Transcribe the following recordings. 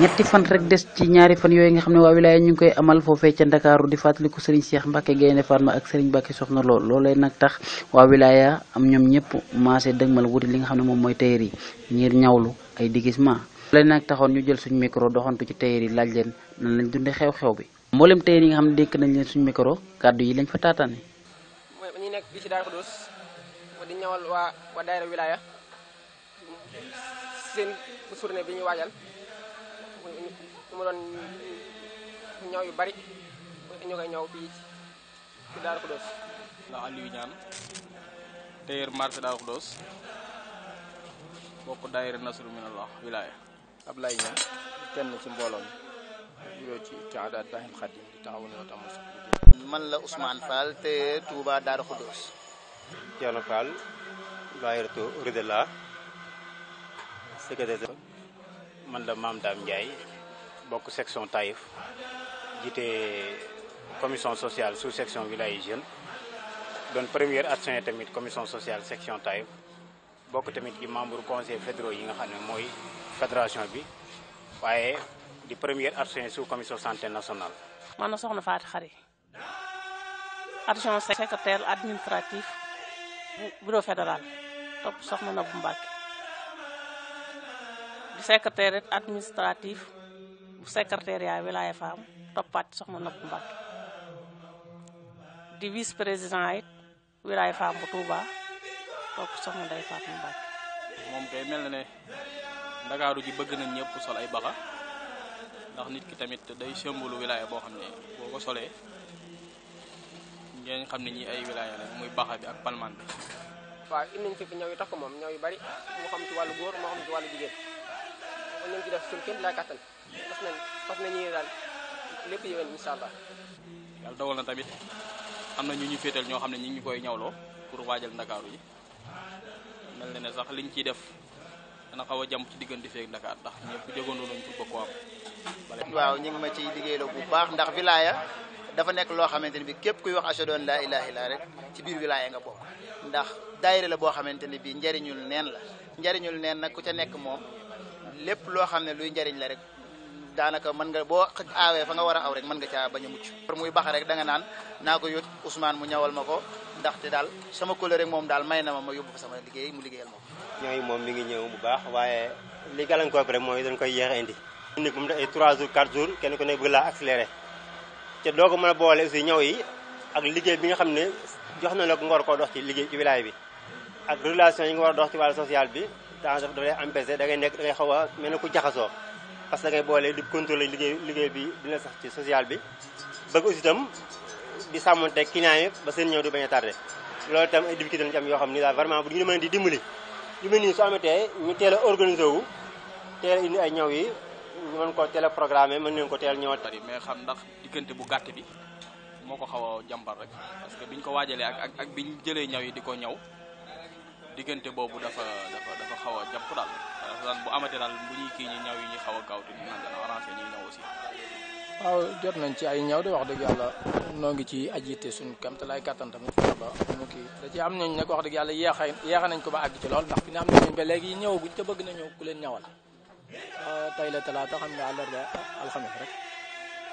ñetti fan rek dess ci ñaari fan yoy nga xamne wa wilaya ñu koy amal fofé ci ndakaaru di fatali ko Serigne Cheikh Mbacke Gaynde Farma ak Serigne Mbacke Soxna lool lolé nak tax wa wilaya am ñom ñepp maasee dëgmal wuti li nga xamne mom moy mooy téyeer ngir ñawlu ay digisement lolé nak taxone ñu jël suñu micro doxantu ci téyeer laaj leen nan lañ dundee xew-xew bi mboolem téyeer nga xamne dekk nañ leen suñu micro kaddu yi lañ fa tatane moy ñi nekk bi ci dos Xudoos di ñawal wa wa daayira wilaya seen journée bi ñu wajal su ma doon ñaw yu bari ñu koy ñaw fii ci Daaru Xudoos la Aliou Ñaan tailleur marché dos Xudoos bokk daayira Nasru Minallah wilaaya Ablaye Ñaan kenn ci mbooloo mi yooyu ci ci aadaat Ibrahim Khadim di taxawu ne tam man la Ousmane Fall tailleur Touba Daaru Xudoos Thierno Fall daayira Ridela secrétaire man la Mame Dame Ndiaye bokk section Taïf la commission sociale sous section village jeune premier première adjoint tamit commission sociale section Taïf bokk tamit ci membre conseil fédéral yi nga xamné moy fédération bi wayé di première adjoint sous commission santé nationale. man na soxna Fatou adjoint secrétaire administratif bureau fédéral Top, soxna na bu Mbacke secrétaire administratif bu secrétariat wilaya femme topat soxna nopp mbak di vice président it wilaya femme bu touba top soxna day fatou mbak mom day mel ne ndakaaru ji bëgg nañ ñëpp sol ay baxa ah. ndax nit ki tamit day sembulu wilaya bo xam boko solé ngeen xamni ñi ay wilaya la muy baxa bi ak palman bi wa indi ci fi ñëw yi mom moom yu bari moo xam ci walu goor mo xam ci walu jigéen mën ci def suñu kenn laa kattan daal lépp yéwén incha allah. yàlla dogal na tamit am na ñu ñu féetal ñoo xam ne ñu ngi koy ñawloo pour waajal ndakaaru yi mel na ne sax liñ ciy def dana xaw a jàmm ci diggante feeg Ndakaar ndax ñëpp jógandoo nañ pour ko am. waaw ñu ngi ma ciy liggéeyloo bu baax ndax wilaaya dafa nekk loo xamante ni bi képp kuy wax ashhadu an laa ilaaha illallaah rek ci biir wilaaya nga bokk ndax daayira la boo xamante ni bi njariñul neen la njariñul neen nag ku ca nekk moom lepp lo xamne luy njariñ la rek danaka man nga boo aawee fa nga wara aw rek man nga ca baña mucc pour muy bax rek da nga nan nako yott Ousmane mu ñawal mako ndax ndaxte dal sama couleur rek mom dal may na ma yobbu fa sama liggéey mu liggéeyal mako ko mom mi ngi ñëw bu baax waaye li galan ko après moy dañ koy yéex indi indi bu mu def ay 3 jours 4 jours kene ko ne bëgg la accélérer te doo mëna mën a boole aussi ñëw yi ak liggéey bi nga xamne jox na la ko nga war dox ci liggéey ci wilaya bi ak relation yi nga war dox ci wàllu social bi daanaka daf lay empêcher da ngay nekk da ngay xaw a mel ne ku jaxasoo parce que da ngay boole di contrôler liggéey liggéey bi dina sax ci sociale bi bëgg aussi tam di sàmmonte client yi ba seen ñëw di bañ a tardé loolu itam ay difficulté lañu ci am yoo xam ni daal vraiment bu ñu mën di dimbali yu mel nii su amatee ñu teel a organisé wu teel a indi ay ñëw yi ñu mën ko teel a programmé mën nañu ko teel ñëwaat mais xam ndax diggante bu gàtt bi moo ko xaw a jàmbar rek parce que biñ ko waajalee ak ak biñ jëlee ñaw yi di ko ñaw diggante boobu dafa dafa dafa xaw a jàpp daal daan bu amatee daal bu kii ñi ñaw yi ñuy xaw a gaaw te dina gën a arrangé ñaw aussi. waaw jot nañ ci ay ñaw de wax dëgg yàlla noo ngi ci ajite suñu kam te lay kàttan tamit fexe ba mu kii da ci am nañ nag wax dëgg yàlla yeexa yeexa nañ ko ba àgg ci lool ndax fi ne am nañ ba léegi ñëwaguñ te bëgg na ñëw ku leen ñawal euh, tey la talaata xam nga àllarba rek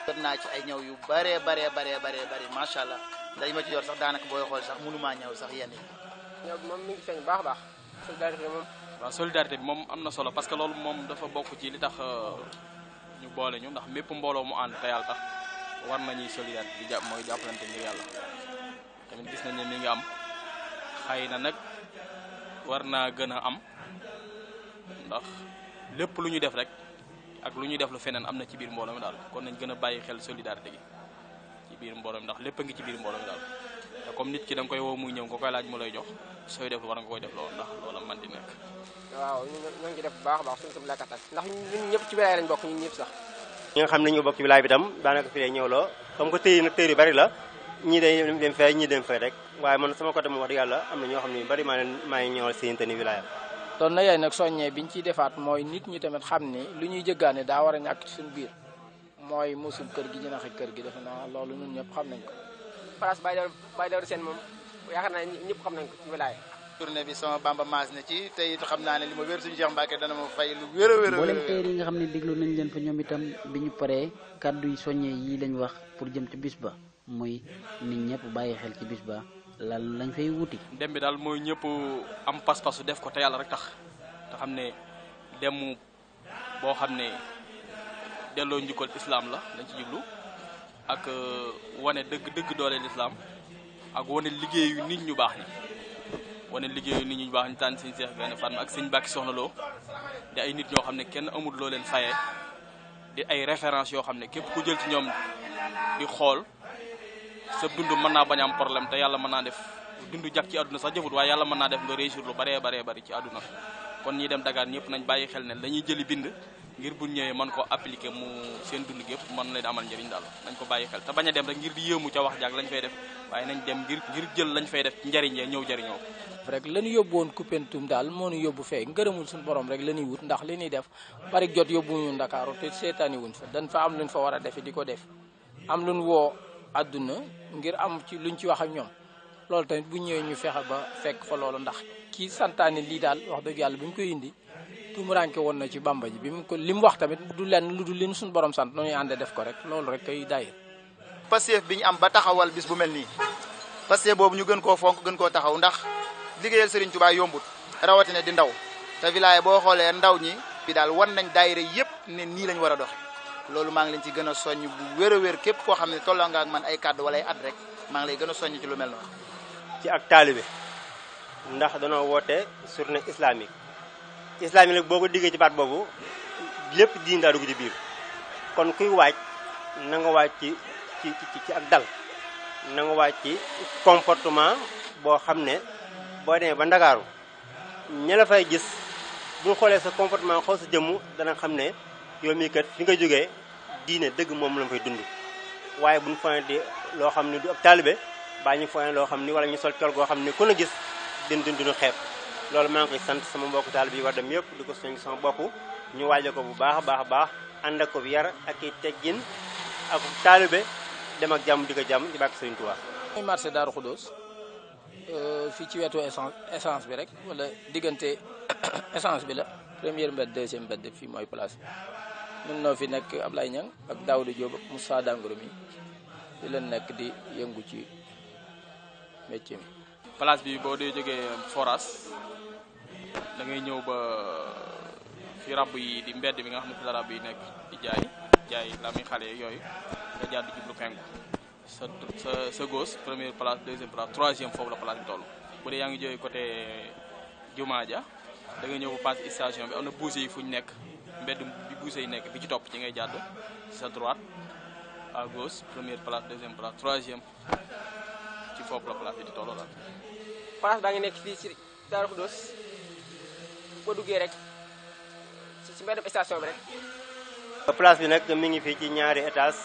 jot naa ci ay ñëw yu bare bare bare bare bare macha allah dañ ma ci yor sax daanaka booy xool sax mënumaa ñaw sax yenn yi ñoom moom mi ngi feeñ baax baax solidarité moom waaw solidarité bi moom am na solo parce que loolu moom dafa bokk ci li tax euh, ñu boole ñu ndax mépp mbooloo mu ànd te yàlla tax war nañuy solidarité di jàpp mooy jàppalante ngir yàlla tamit gis nañ ne mi ngi am xëy na nag war naa gën a am ndax lépp lu ñu def rek ak lu ñu def lu feneen am na ci biir mbooloo mi daal kon nañ gën a bàyyi xel solidarité gi biir mbooloo mi ndax lépp a ngi ci biir mbooloo daal te comme nit ki da nga koy woo muy ñëw nga koy laaj mu lay jox sooy def war nga koy def loolu ndax loola man di nekk a ci wilaay bi tam daanaka fi lay ñëw loo comme que nag tëy bari la ñii day dem fee ñii dem fee rek waaye man sama côté moom wax dëgg yàlla am na ñoo xam ne bari maa leen maa ngi ñëwal wilaaya doon na yaay nag soññee biñ ciy defaat mooy nit ñi tamit xam ni lu ñuy jëggaane daa war a ñàkk mooy musul kër gi jinaxe kër gi naa loolu ñun ñëpp xam nañ ko place Baye Darou Baye Darou Sène moom yaakaar naa ñëpp xam nañ ko ci wilaaya tournée bi sama bamba maas na ci te xam naa ne li ma wér suñu Cheikh Mbacke a nga xam ne déglu nañ leen fa ñoom itam bi ñu paree kàddu yi soññee yii lañu wax pour jëm ci bis ba muy nit ñëpp bàyyi xel ci bis ba lan lañ fay wuti dem bi daal mooy ñëpp am pas-pasu def ko te yàlla rek tax te xam ne dem boo xam ne delloo njukkal islam la lañ ci jiblu uh, ak wane deug deug doole l'islam ak wane yu nit ñu ni ñi wane yu nit ñu bax ni tan seigne cheikh ben fatma ak seigne bakki soxna lo di ay nit ñoo xam kenn amul lo leen fayé di ay référence yo xam képp ku jël ci ñom di xol sa dundu mën na bañ am problème te yalla mën na def dundu jak ci aduna sax jëfut waaye yalla mën na def nga réussir lu bare bare bari ci aduna kon ñi dem dagaan ñepp nañ bayyi xel ne lañuy jëli bind ngir bu ñëwé man ko appliquer mu seen dund gépp man lay amal njëriñ dal nañ ko bayyi xel ta baña dem rek ngir di yëmu ci wax jaag lañ fay def waye nañ dem ngir ngir jël lañ fay def njëriñ ya ñëw jëriño rek lañu yóbbu woon kupentum daal moo ñu yobbu fay ngërëmul suñu borom rek lañuy wut ndax li ñuy def bari jot yobbu ñu ndakaaru te setané wuñ fa dañ fa am luñ fa wara def defe def am luñ wo aduna ngir am ci luñ ci wax ak ñom lool tamit bu ñëwé ñu fexe ba fekk fa loolu ndax ki santaane li dal wax deug yalla buñ ko indi tumuranke ke na ci bamba ji bi ko lim wax tamit du len luddul dul lim suñu borom sant noy ande def ko rek lolou rek kay dayer passef biñu am ba taxawal bis bu melni passé bobu ñu gën ko fonk gën ko taxaw ndax liggéeyal serigne touba yombut ne di ndaw ta village bo xolé ndaw ñi bi dal won nañ daayira yépp ne ni lañ wara dox doxe loolu maa ngi leen ci gën a soññ bu wér wér képp koo xam ne nga ak man ay kàddu wala ay at rek maa ngi lay gën a soññ ci lu mel noonu ci ak taalibe ndax danoo woote journée islamique islaam yi nag boo ko diggee ci baat boobu lépp diin daa dugg ci biir kon kuy waaj na waaj ci ci ci ak dal na waaj ci comportement boo xam ne boo demee ba ndakaaru ña la fay gis bu xoolee sa comportement xool sa jëmm dana xam ne yow mii kat fi nga jógee diine dëgg moom la fay dund waaye bu ñu foyee di loo xam ne du ab taalibe baa ñu foyee loo xam ni walla ñu sol col goo xam ne ku la gis din dund xeeb loolu maa ngi koy sant sama mbokku taal bi war dem yëpp du ko soññ sama bopp ñu waaja ko bu baax baax baax ànd ko bi yar ak i teggin ak taalibe dem ak jàmm di ko jàmm di bàkk Sëriñ Tuubaa mooy Daaru Xudoos euh, fii ci wetu essence essence bi rek walla diggante essence bi la première mbedd deuxième mbedd fii mooy place bi ñun noo fi nekk Ablaye Niang ak Daouda Diop ak Moussa Dangoro mi di leen nekk di yëngu ci métier mi place bi boo dee jógee forage da ngay ñëw ba euh, fi rab yi di mbedd bi nga xam ne fi la rab yi nekk di jaay jaay la muy xale yooyu nga jàdd jublu penku sa sa sa gauche première place deuxième place troisième foofu la place bi toll bu dee yaa ngi jógee côté jumaa ja da nga ñëw ba station bi am na buuse yi fu ñu nekk mbedd bi buuse yi nekk bi ci topp ci ngay jàdd sa droite à gauche première place deuxième place troisième ci foofu boo duggee rek ci benn station rek. place bi mi ngi ci ñaari étage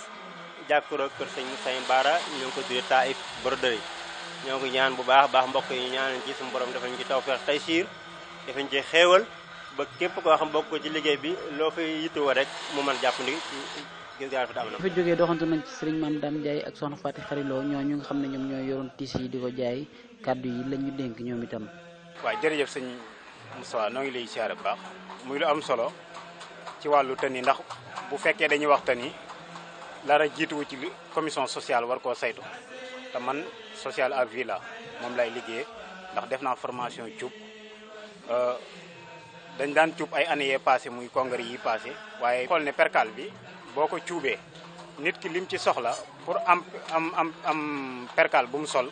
Bara ñoo ko Taif Broderie ñoo ngi ñaan bu baax baax mbokk yi ñaan ci suñu borom dafa ñu ci tawfeex tey siir dafa ñu ci xéewal ba képp koo xam bokk ci liggéey bi loo fay yittewoo rek mu mën jàpp ni gis doxantu nañ ci ak ñoo ñu xam ne ñoo di jaay kàddu yi lañ ñu ñoom itam. jërëjëf Moussa noo ngi lay siyaare bu baax muy lu am solo ci wàllu tën ndax bu fekkee dañuy wax tën yi dara jiituwu ci commission sociale war koo saytu te man sociale à vie moom lay liggéey ndax def naa formation cuub euh, dañ daan cuub ay années yee passé muy congrès yi passé waaye xool ne percale bi boo ko cuubee nit ki lim ci soxla pour am am am am bu mu sol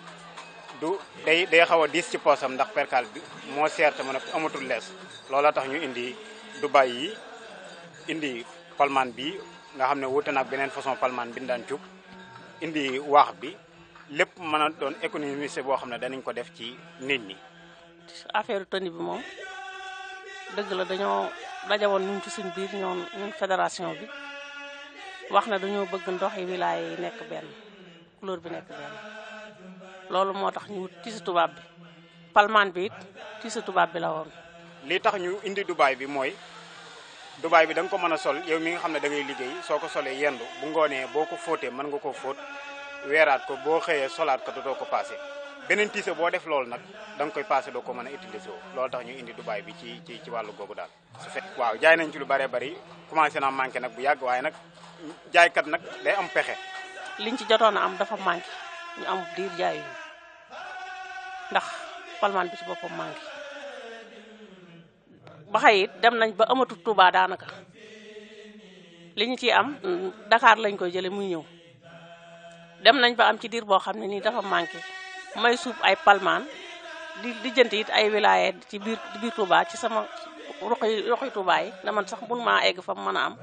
du day day xawa a ci posam ndax percal mo certe mo mu ne amatul lees looloo tax ñu indi du bayyi indi palman bi nga xamne wote nak benen façon palman bi ndan ciup indi wax bi lepp mëna a doon économiser bo xamne dañ ko def ci nit ñi. affaire tenue bi mom deug la dañoo dajawon woon ñun ci suñ biir ñoom ñun fédération bi waxna dañoo bëgg ndox yi wilaay yi nekk ben couleur bi nekk ben loolu moo tax ñu tiisu tubaab bi palmaan bi it tiisu tubaab bi la woon. lii tax ñu indi Dubaay bi mooy Dubaay bi da nga ko mën a sol yow mi nga xam ne da liggéey soo ko solee yendu bu ngoonee boo ko fóotee mën nga koo fóot weeraat ko boo xëyee solaat ko doo ko paase. beneen tiise boo def loolu nag da nga koy passé doo ko mën a utiliser woo loolu tax ñu indi Dubaay bi ci ci ci wàllu googu daal su waaw jaay nañ ci lu bare bëri commencé naa manqué nag bu yàgg waaye nag jaaykat nag day am pexe liñ ci am dafa manqué ñu am diir jaayuñu ndax palmaan bi ci boppam maa ngi ba xëy it dem nañ ba amatu Touba daanaka li ñu am Dakar lañ koy jële muy ñëw dem nañ ba am ci diir boo xam ne nii dafa manqué may suub ay palmaan di lijjanti it ay wilaya ci biir biir Touba ci sama roqi roqi Touba yi ne man sax mun ay egg fa mu mën a am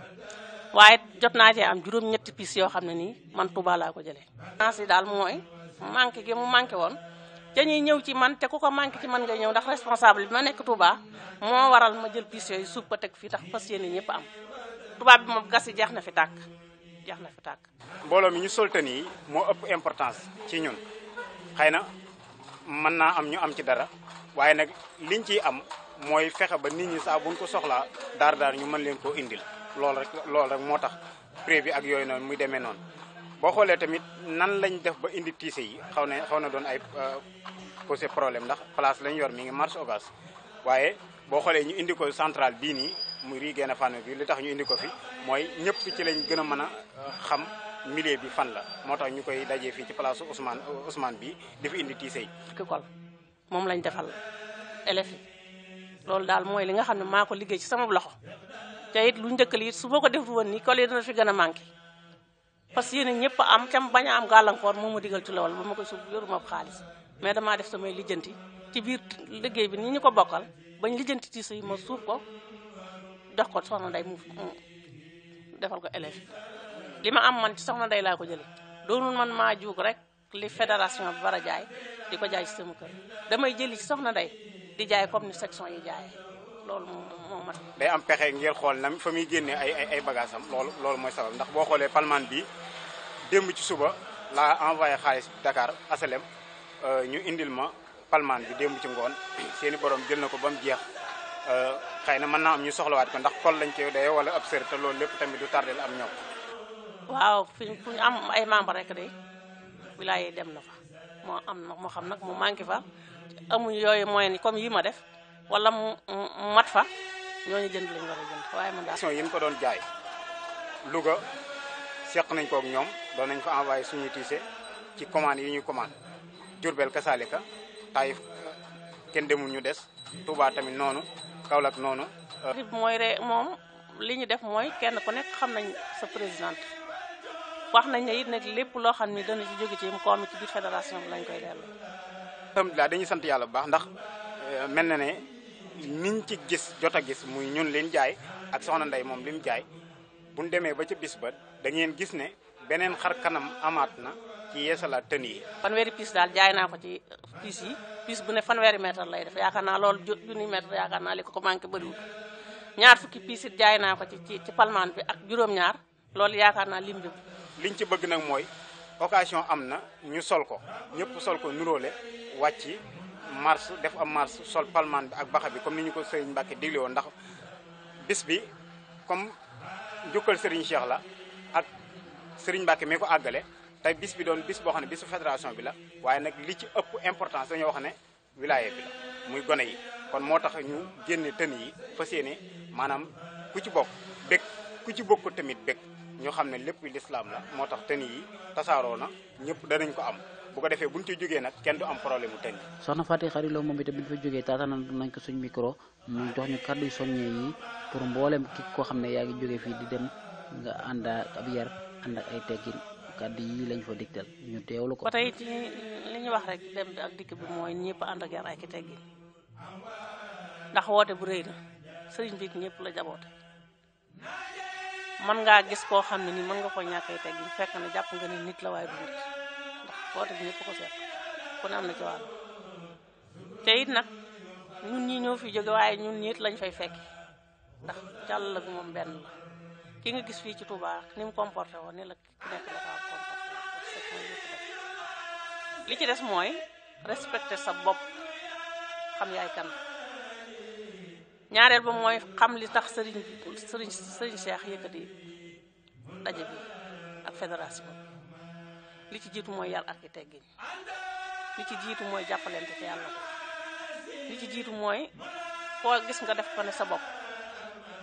waaye jot naa am juróom-ñetti pis yoo xam ne nii man tuba laa ko jëlee. si daal mooy manqué gi mu manqué woon dañuy ñëw ci man te ku ko manqué ci man ngay ñëw ndax responsable bi ma nekk Touba moo waral ma jël pis yooyu suuf ko teg fii tax fas yéene ñëpp am tuba bi moom gas yi jeex na fi tàkk jeex na fi tàkk. mbooloo mi ñu soltan yi moo ëpp importance ci ñun xëy na mën naa am ñu am ci dara waaye nag liñ ciy am mooy fexe ba nit ñi saa buñ ko soxlaa daar daar ñu mën leen koo indil. lool rek loolu rek moo tax prix bi ak yooyu noonu muy demee noonu boo xoolee tamit nan lañ def ba indi tiise yi xaw ne xaw na doon ay euh, posé problème ndax place lañ yor mi ngi marché Ocass waaye boo xoolee ñu indi ko centrale bii nii muy rii génn fànn bi li tax ñu indi ko fi mooy ñëpp ci lañ gën a mën a euh, xam milieu bi fan la moo tax ñu koy dajee fii ci place Ousmane euh, Ousmane bi di indi tiise yi. moom lañ defal élèves daal mooy li nga xam ne maa ko liggéey ci sama loxo. te lu njëkk li su ma ko deful woon nii col yi dana fi gën a manqué parce que yéen ñëpp am tam bañ a am gàllankoor moo ma digal ci loolu ba ma ko suuf yoruma xaalis mais damaa def samay lijjanti ci biir liggéey bi ni ñu ko bokkal bañ lijjanti ci si ma suuf ko dox ko soxna Ndeye mu defal ko élève li ma am man ci soxna Ndeye laa ko jëlee doonul man maa juug rek li fédération bi war a jaay di ko jaay ci sama kër damay jëli ci soxna day di jaay comme ni section yi jaay lool moo moo mat. day am pexe ngir xool nam fa muy génnee ay ay ay lool loolu mooy sabab ndax boo xoolee palmaan bi démb ci suba laa envoyé xaalis Dakar asalem euh, ñu indil ma palmaan bi démb ci ngoon seeni i jël na ko ba mu jeex euh, xëy na man na am ñu soxlawaat ko ndax xol lañ koy dayoo wala ab loolu lépp tamit du tardel am ñoom. waaw fi fu ñu am ay membre rek de wilaaye dem na fa moo am na moo xam nag mu manqué fa amuñ yooyu moyen comme yi ma def. wala mu mat fa ñooñu jënd lañu war a jënd waaye man daal. yi mu ko doon jaay Louga seq nañ ko ñoom doon nañ fa envoyé suñuy ci commande yi ñuy commande Diourbel kasaalika Taïf kenn demul ñu des Touba tamit noonu Kaolack noonu. Euh, mooy moom li ñu def mooy kenn ku nekk xam nañ sa présidente wax nañ ne it nag lépp loo xam ni dana ci jóge ci ci biir fédération bi lañ koy dañuy sant yàlla bu baax ndax euh, mel na ne. niñ ci gis jot a gis muy ñun liñ jaay ak soxna Ndey moom lim jaay buñ demee ba ci bis ba da ngeen gis ne beneen xar kanam amaat na ci yeesalaat tën yi. fanweeri piis daal jaay naa ko ci piis yi piis bu ne fanweeri mètre lay def yaakaar naa lool loolu junni mètre yaakaar naa li ko ko manqué bëriwul ñaar fukki piis it jaay naa ko ci ci ci palmaan bi ak juróom-ñaar loolu yaakaar naa lim bi. liñ ci bëgg nag mooy occasion am na ñu sol ko ñëpp sol ko nuróole wàcc. marche def am marche sol palmaan bi ak baxa bi comme ni ñu ko sëriñ Mbàkke digle woon ndax bis bi comme njukkal sëriñ Cheikh la ak sëriñ Mbàkke mi ko àggale te bis bi doon bis boo xam ne bisu fédération bi la waaye nag li ci ëpp importance dañoo wax ne wilaya bi la muy gone yi kon moo tax ñu génne tën yi fas yéene maanaam ku ci bokk bég ku ci bokk tamit bég ñoo xam ne lépp lislaam la moo tax tën yi tasaaroo na ñëpp danañ ko am bu ko defee buñ ci jógee nag kenn du am problème mu tënk soxna Faty Khary Lo moom itam biñ fa jógee taataanal nañ ko suñ micro mu jox ñu kàddu soññee yi pour mboolem ki koo xam ne yaa ngi jógee fii di dem nga ànd ab yar ànd ak ay teggin kàddu yi lañ fa digtal ñu teewlu ko. ba tey ci li ñu wax rek dem ak dikk bi mooy ñëpp ànd ak yar ak i teggin ndax woote bu rëy na sëriñ bi ñëpp la jaboote man ngaa gis koo xam ne nii mën nga ko ñàkkee teggin fekk na jàpp nga ni nit la waaye du nit woote bi ñëpp ko seq ku ne am na ci te it nag ñun ñi ñoo fi jóge waaye ñun ñiit lañ fay fekki ndax càll ak moom benn la ki nga gis fii ci Touba ni mu comporté woon ni la ki nekk la kaa li ci des mooy respecté sa bopp xam yaay kan ñaareel ba mooy xam li tax sëriñ sëriñ sëriñ Cheikh yëkkati daje bi ak fédération li ci jiitu mooy yar ak i teggin li ci jiitu mooy jàppalante te yàlla li ci jiitu mooy koo gis nga def ko ne sa bopp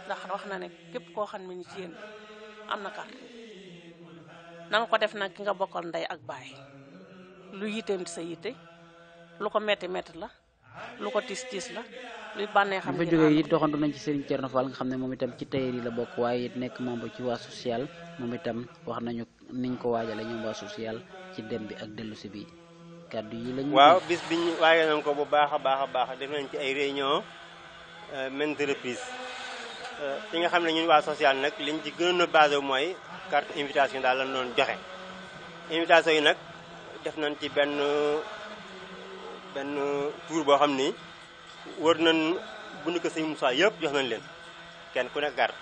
ndax wax na ne képp koo xam ne ni ci yéen am na carte na ko def na ki nga bokkal nday ak baay lu yiteem di sa yite lu ko metti metti la lu ko tis tis la luy bané xam nga jogé it doxandu nañ ci Serigne Thierno Fall nga xamné mom itam ci tayari la bok waye it nekk membre ci wa social mom itam wax nañu niñ ko wajalé ñom wa social ci dem bi ak ci bi kaddu yi lañu waaw bis biñu wajé nañ ko bu baaxa baaxa baax def nañ ci ay réunion euh maintes euh fi nga xamné ñun wa social nak liñ ci gëna a basé moy carte invitation daal la non joxé invitation yi nak def nañ ci ben benn tour boo xam ni wër nañ buñu ko sëñ Moussa yëpp jox nañ leen kenn ku nekk gar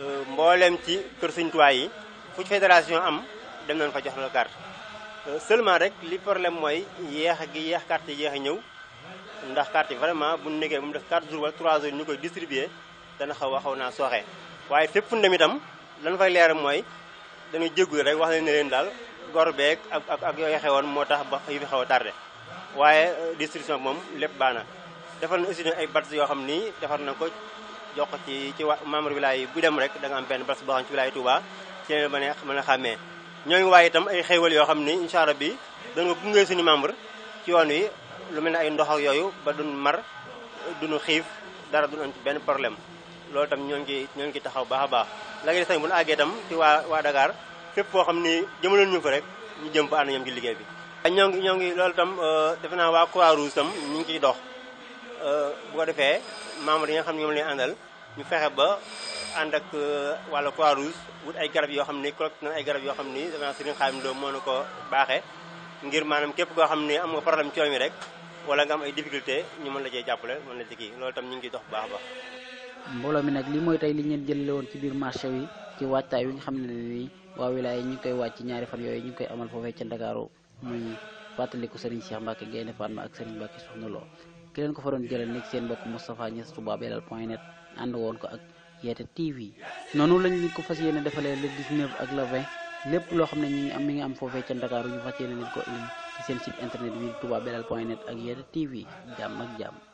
euh, mboolem ci kër sëñ Tuubaa yi fu fédération am dem nañ fa jox la carte euh, seulement rek li problème mooy yeex gi yeex carte yi yeex a ñëw ndax carte yi vraiment bu nekkee ba mu def 4 jours wala 3 jours ñu koy distribuer dana xaw a xaw naa sooxee waaye fépp fu dem itam lan fay leer mooy dañuy jegu rek wax leen ne leen daal gor beeg ak ak ak yooyu xewoon moo tax ba yu fi xaw a tardé. waye euh, distribution mom lepp bana defal na aussi ay bats yo xamni defal na ko jox ci ci membre wilaay bu dem rek da nga am ben bats bo xamni ci wilaay Touba ci leen ma a mën a xàmmee ñooñu waaye itam ay xéewal yo xamni ni allah bi da nga gungé suñu membre ci yoon wi lu melni ay ndox ak yoyu ba duñ mar duñu xif dara duñ am ci ben problème loolu tam ñoo ngi ñoo ngi taxaw baax baax la ngay des tamit bu ñu àggee itam ci wa wa Dakar fépp foo xamni jëmulun ñu fa rek ñu jëm fa ànd ñam ci liggéey bi ñoo ngi ñoo ngi loolu tam euh, defe naa waa Croix-Rouge itam ñu ngi ciy dox euh, bu ko defee membres yi nga xam ne ñoom lañu àndal ñu fexe ba ànd ak euh, wàllu Croix-Rouge wut ay garab yoo xam ni collecte na ay garab yoo xam ni defe naa Serigne Khadim Lo moo na ko baaxee ngir maanaam képp koo xam ne am nga problème ci mi rek wala nga am ay difficulté ñu mën la cee jàppale mën la ci loolu tam ñu ngi ciy dox bu baax a baax mbooloo mi nag li mooy tey li ñu leen jëlale woon ci biir marché wi ci waajtaay xam ne nii waa wilaay ñu ngi koy wàcc ñaari fan yooyu ñu ngi koy amal foofee ca Ndakaaru muy fàttaliku Serigne Cheikh Mbacke Gaynde Fatma ak Serigne Mbacke Soxna Lo ki leen ko fa doon jëlal nekk seen mbokk Moustapha Niass Touba Belal point net ànd woon ko ak Yeete TV noonu lañ ko fas yéene defalee le 19 ak le lépp loo xam ne ñu ngi am mi ngi am foofee ca Ndakaaru ñu fas yéene leen ko indi ci seen site internet bi Touba Belal point net ak Yeete TV jàmm ak jàmm.